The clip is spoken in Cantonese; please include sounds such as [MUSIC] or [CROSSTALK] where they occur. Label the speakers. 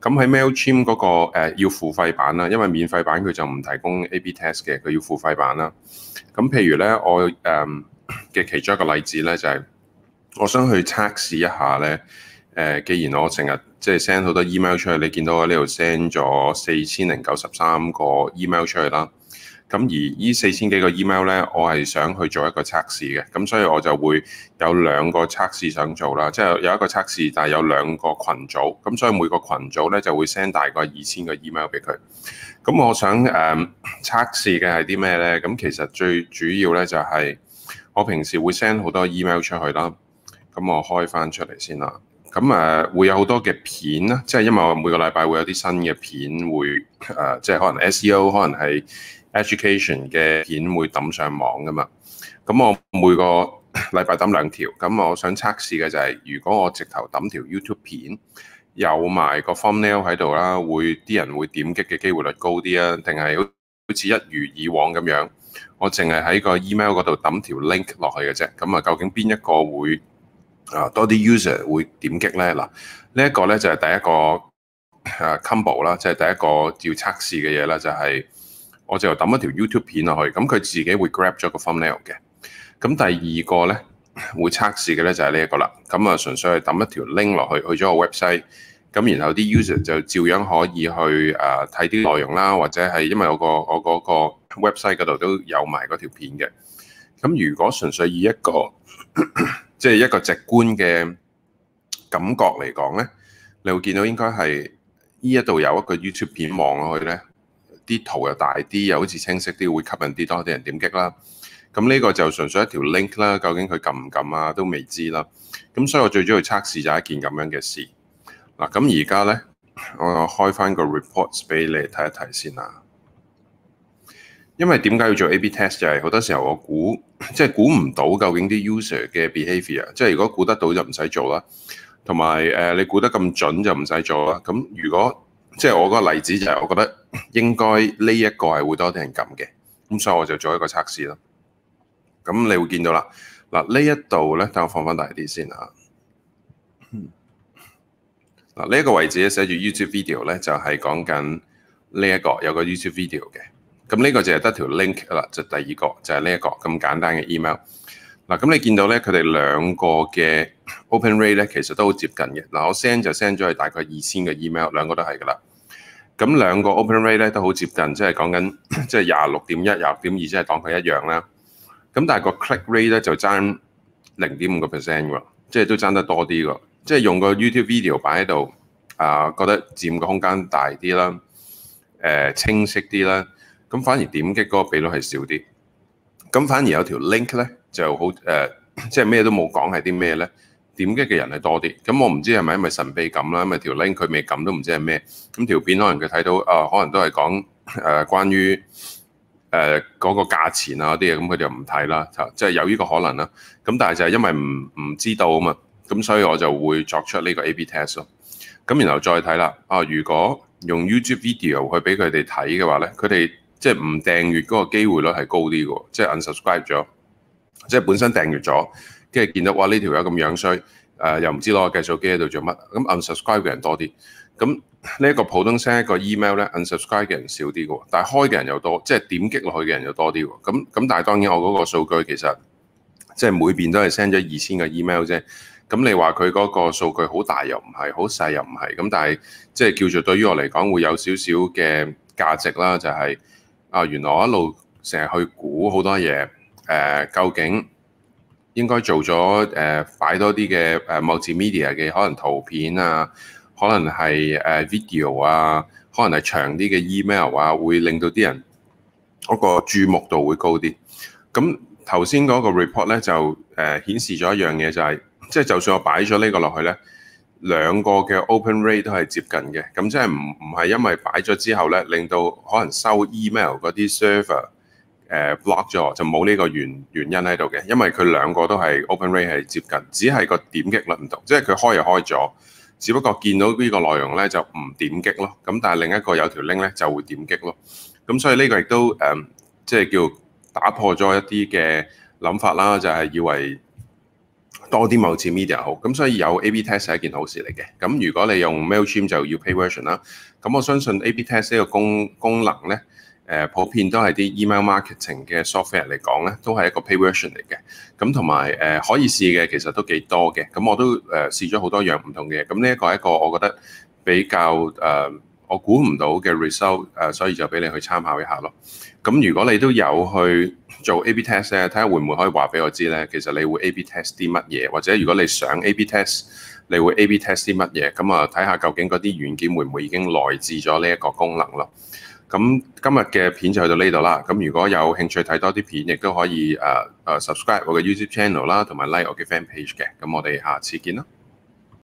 Speaker 1: 咁喺 Mailchimp 嗰個誒要付費版啦，因為免費版佢就唔提供 A/B test 嘅，佢要付費版啦。咁譬如咧，我誒嘅其中一個例子咧就係，我想去測試一下咧。誒，既然我成日即係 send 好多 email 出去，你見到我呢度 send 咗四千零九十三個 email 出去啦。咁而4，呢四千幾個 email 呢，我係想去做一個測試嘅，咁所以我就會有兩個測試想做啦，即係有一個測試，但係有兩個群組，咁所以每個群組2，個、嗯、呢，就會 send 大概二千個 email 俾佢。咁我想誒測試嘅係啲咩呢？咁其實最主要呢，就係我平時會 send 好多 email 出去啦。咁我開翻出嚟先啦。咁、呃、誒會有好多嘅片啦，即、就、係、是、因為我每個禮拜會有啲新嘅片會即係、呃就是、可能 SEO，可能係。Education 嘅片會抌上網噶嘛？咁我每個禮拜抌兩條。咁我想測試嘅就係，如果我直頭抌條 YouTube 片，有埋個 thumbnail 喺度啦，會啲人會點擊嘅機會率高啲啊？定係好似一如以往咁樣，我淨係喺個 email 嗰度抌條 link 落去嘅啫。咁啊，究竟邊一個會啊多啲 user 會點擊咧？嗱，呢一個咧就係第一個 combo 啦，即係第一個要測試嘅嘢啦，就係、是。我就抌一條 YouTube 片落去，咁佢自己會 grab 咗個 thumbnail 嘅。咁第二個咧，會測試嘅咧就係呢一個啦。咁啊，純粹係抌一條 link 落去，去咗個 website。咁然後啲 user 就照樣可以去誒睇啲內容啦，或者係因為我個我嗰個 website 嗰度都有埋嗰條片嘅。咁如果純粹以一個即 [LAUGHS] 係一個直觀嘅感覺嚟講咧，你會見到應該係呢一度有一個 YouTube 片望落去咧。啲圖又大啲，又好似清晰啲，會吸引啲多啲人點擊啦。咁呢個就純粹一條 link 啦。究竟佢撳唔撳啊？都未知啦。咁所以我最主要測試就係一件咁樣嘅事。嗱，咁而家咧，我開翻個 report 俾你睇一睇先啦。因為點解要做 A/B test 就係好多時候我估，即係估唔到究竟啲 user 嘅 behavior，即係如果估得到就唔使做啦。同埋誒，你估得咁準就唔使做啦。咁如果即係我嗰個例子就係我覺得應該呢一個係會多啲人撳嘅，咁所以我就做一個測試咯。咁你會見到啦，嗱呢一度咧，等我放翻大啲先嚇。嗱呢一個位置咧，寫住 YouTube video 咧，就係講緊呢一個有個 YouTube video 嘅。咁呢個就係得條 link 啦，就第二個就係呢一個咁簡單嘅 email。嗱咁你見到咧，佢哋兩個嘅。Open rate 咧其實都好接近嘅，嗱我 send 就 send 咗係大概二千嘅 email，兩個都係㗎啦。咁兩個 open rate 咧都好接近，即係講緊即係廿六點一、廿六點二，即係當佢一樣啦。咁但係個 click rate 咧就爭零點五個 percent 喎，即係、就是、都爭得多啲㗎。即、就、係、是、用個 YouTube video 擺喺度，啊覺得佔個空間大啲啦，誒、啊、清晰啲啦，咁反而點擊嗰個比率係少啲。咁反而有條 link 咧就好誒，即係咩都冇講係啲咩咧。點擊嘅人係多啲，咁我唔知係咪因為神秘感啦，因為條 link 佢未撳都唔知係咩，咁條片可能佢睇到啊、呃，可能都係講誒、呃、關於嗰、呃那個價錢啊啲嘢，咁佢哋又唔睇啦，即係、就是、有呢個可能啦。咁但係就係因為唔唔知道啊嘛，咁所以我就會作出呢個 A/B test 咯。咁然後再睇啦，啊、呃，如果用 YouTube video 去俾佢哋睇嘅話咧，佢哋即係唔訂閱嗰個機會率係高啲嘅，即、就、係、是、unsubscribe 咗，即、就、係、是、本身訂閱咗。即係見到哇呢條友咁樣衰，誒、這個呃、又唔知攞個計數機喺度做乜，咁 unsubscribe 嘅人多啲。咁呢一個普通 send 一個 email 咧 unsubscribe 嘅人少啲嘅喎，但係開嘅人又多，即係點擊落去嘅人又多啲喎。咁咁但係當然我嗰個數據其實即係每邊都係 send 咗二千個 email 啫。咁你話佢嗰個數據好大又唔係，好細又唔係。咁但係即係叫做對於我嚟講會有少少嘅價值啦，就係、是、啊、呃、原來我一路成日去估好多嘢，誒、呃、究竟。應該做咗擺多啲嘅誒 multimedia 嘅可能圖片啊，可能係 video 啊，可能係長啲嘅 email 啊，會令到啲人嗰個注目度會高啲。咁頭先嗰個 report 咧就誒、呃、顯示咗一樣嘢、就係，就係、係、即係就算我擺咗呢個落去咧，兩個嘅 open rate 都係接近嘅。咁即係唔唔係因為擺咗之後咧，令到可能收 email 嗰啲 server？誒、嗯、block 咗就冇呢個原原因喺度嘅，因為佢兩個都係 Open Rate 係接近，只係個點擊率唔同，即係佢開又開咗，只不過見到呢個內容咧就唔點擊咯，咁但係另一個有條 link 咧就會點擊咯，咁所以呢個亦都誒即係叫打破咗一啲嘅諗法啦，就係、是、以為多啲某次 media 好，咁所以有 A/B test 係一件好事嚟嘅。咁如果你用 Mailchimp 就要 pay version 啦，咁我相信 A/B test 呢個功功能咧。誒普遍都係啲 email marketing 嘅 software 嚟講咧，都係一個 pay version 嚟嘅。咁同埋誒可以試嘅其實都幾多嘅。咁我都誒、呃、試咗好多樣唔同嘅。咁呢一個係一個我覺得比較、呃、我估唔到嘅 result、呃、所以就俾你去參考一下咯。咁如果你都有去做 A/B test 咧，睇下會唔會可以話俾我知咧？其實你會 A/B test 啲乜嘢，或者如果你想 A/B test，你會 A/B test 啲乜嘢？咁啊睇下究竟嗰啲軟件會唔會已經內置咗呢一個功能咯？咁今日嘅片就去到呢度啦。咁如果有興趣睇多啲片，亦都可以誒，subscribe 我嘅 YouTube channel 啦，同埋 like 我嘅 fan page 嘅。咁我哋下次見啦。